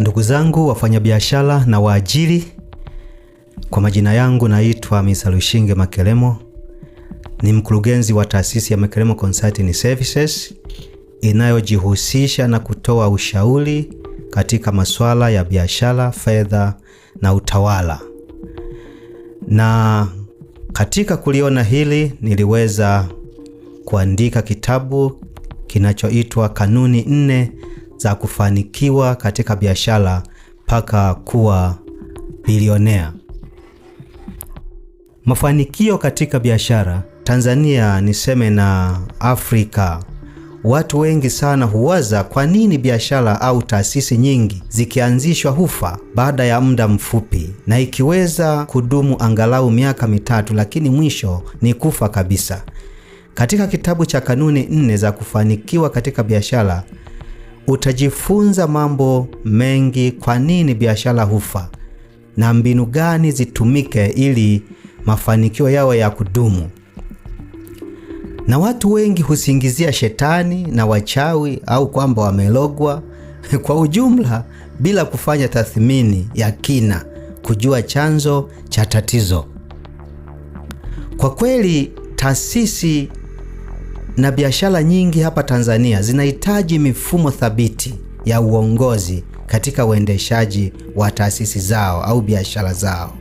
Ndugu zangu wafanyabiashara na waajiri, kwa majina yangu naitwa Mr. Lushinge Makelemo, ni mkurugenzi wa taasisi ya Makelemo Consulting Services inayojihusisha na kutoa ushauri katika masuala ya biashara, fedha na utawala. Na katika kuliona hili niliweza kuandika kitabu kinachoitwa Kanuni Nne za kufanikiwa katika biashara mpaka kuwa bilionea. Mafanikio katika biashara Tanzania, niseme na Afrika, watu wengi sana huwaza kwa nini biashara au taasisi nyingi zikianzishwa hufa baada ya muda mfupi, na ikiweza kudumu angalau miaka mitatu, lakini mwisho ni kufa kabisa. Katika kitabu cha kanuni nne za kufanikiwa katika biashara utajifunza mambo mengi, kwa nini biashara hufa na mbinu gani zitumike ili mafanikio yao ya kudumu. Na watu wengi husingizia shetani na wachawi au kwamba wamelogwa kwa ujumla, bila kufanya tathmini ya kina kujua chanzo cha tatizo. Kwa kweli taasisi na biashara nyingi hapa Tanzania zinahitaji mifumo thabiti ya uongozi katika uendeshaji wa taasisi zao au biashara zao.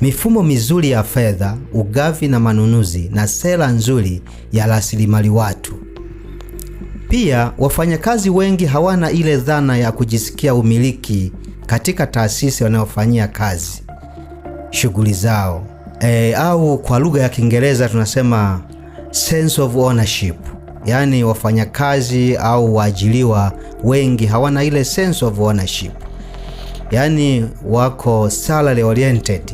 Mifumo mizuri ya fedha, ugavi na manunuzi, na sera nzuri ya rasilimali watu. Pia wafanyakazi wengi hawana ile dhana ya kujisikia umiliki katika taasisi wanayofanyia kazi shughuli zao e, au kwa lugha ya Kiingereza tunasema sense of ownership, yaani wafanyakazi au waajiliwa wengi hawana ile sense of ownership, yaani wako salary oriented.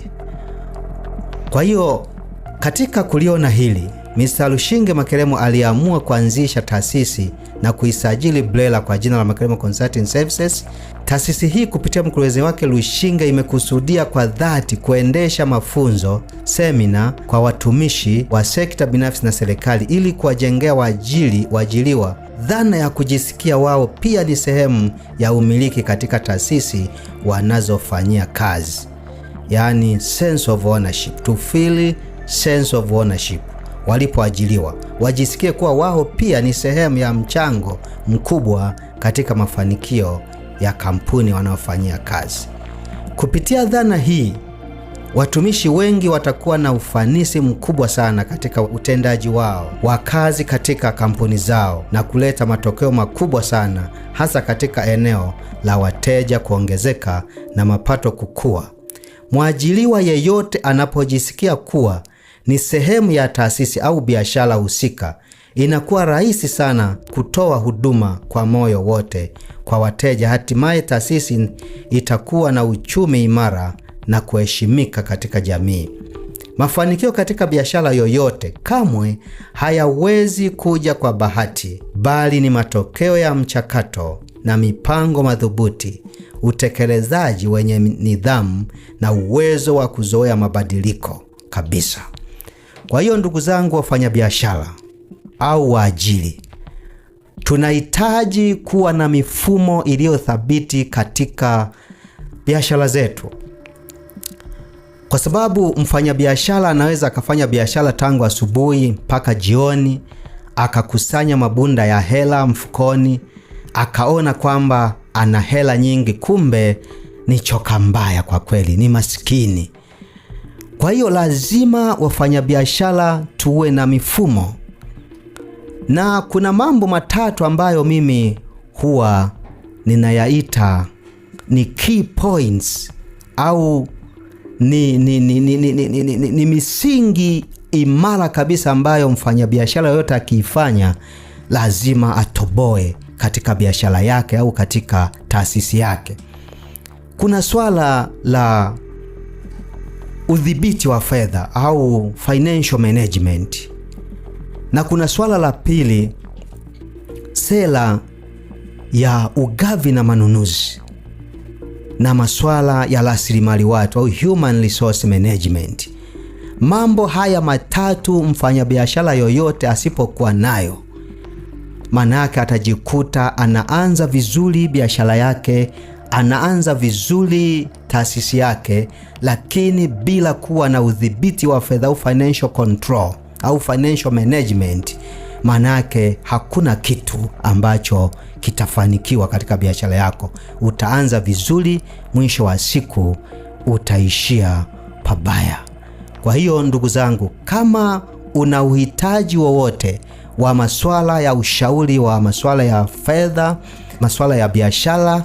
Kwa hiyo katika kuliona hili Mr. Lushinge Makeremo aliamua kuanzisha taasisi na kuisajili BRELA kwa jina la makeremo Consulting Services. Taasisi hii kupitia mkurugenzi wake Lushinge imekusudia kwa dhati kuendesha mafunzo, semina kwa watumishi wa sekta binafsi na serikali ili kuwajengea waajiri waajiriwa dhana ya kujisikia wao pia ni sehemu ya umiliki katika taasisi wanazofanyia kazi, yaani sense of ownership, to feel sense of ownership walipoajiliwa wajisikie kuwa wao pia ni sehemu ya mchango mkubwa katika mafanikio ya kampuni wanayofanyia kazi. Kupitia dhana hii, watumishi wengi watakuwa na ufanisi mkubwa sana katika utendaji wao wa kazi katika kampuni zao na kuleta matokeo makubwa sana hasa katika eneo la wateja kuongezeka na mapato kukua. Mwajiliwa yeyote anapojisikia kuwa ni sehemu ya taasisi au biashara husika, inakuwa rahisi sana kutoa huduma kwa moyo wote kwa wateja. Hatimaye taasisi itakuwa na uchumi imara na kuheshimika katika jamii. Mafanikio katika biashara yoyote kamwe hayawezi kuja kwa bahati, bali ni matokeo ya mchakato na mipango madhubuti, utekelezaji wenye nidhamu na uwezo wa kuzoea mabadiliko kabisa. Kwa hiyo ndugu zangu wafanyabiashara au waajiri, tunahitaji kuwa na mifumo iliyothabiti katika biashara zetu, kwa sababu mfanyabiashara anaweza akafanya biashara tangu asubuhi mpaka jioni, akakusanya mabunda ya hela mfukoni, akaona kwamba ana hela nyingi, kumbe ni choka mbaya kwa kweli, ni maskini. Kwa hiyo lazima wafanyabiashara tuwe na mifumo, na kuna mambo matatu ambayo mimi huwa ninayaita ni key points au ni, ni, ni, ni, ni, ni, ni, ni, ni misingi imara kabisa ambayo mfanyabiashara yoyote akiifanya lazima atoboe katika biashara yake au katika taasisi yake. Kuna swala la udhibiti wa fedha au financial management, na kuna swala la pili, sera ya ugavi na manunuzi na maswala ya rasilimali watu au human resource management. Mambo haya matatu mfanyabiashara yoyote asipokuwa nayo, maana yake atajikuta anaanza vizuri biashara yake anaanza vizuri taasisi yake, lakini bila kuwa na udhibiti wa fedha au financial control au financial management, yake hakuna kitu ambacho kitafanikiwa katika biashara yako. Utaanza vizuri, mwisho wa siku utaishia pabaya. Kwa hiyo ndugu zangu, kama una uhitaji wowote wa, wa masuala ya ushauri wa masuala ya fedha, masuala ya biashara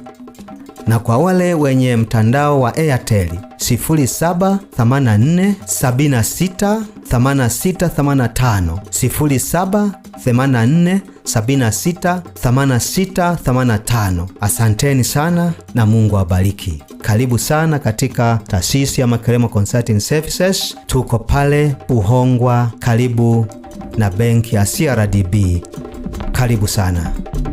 na kwa wale wenye mtandao wa Airtel 0784768685, 0784768685. Asanteni sana na Mungu awabariki. Karibu sana katika taasisi ya Makeremo Consulting Services. Tuko pale Buhongwa, karibu na benki ya CRDB. Karibu sana.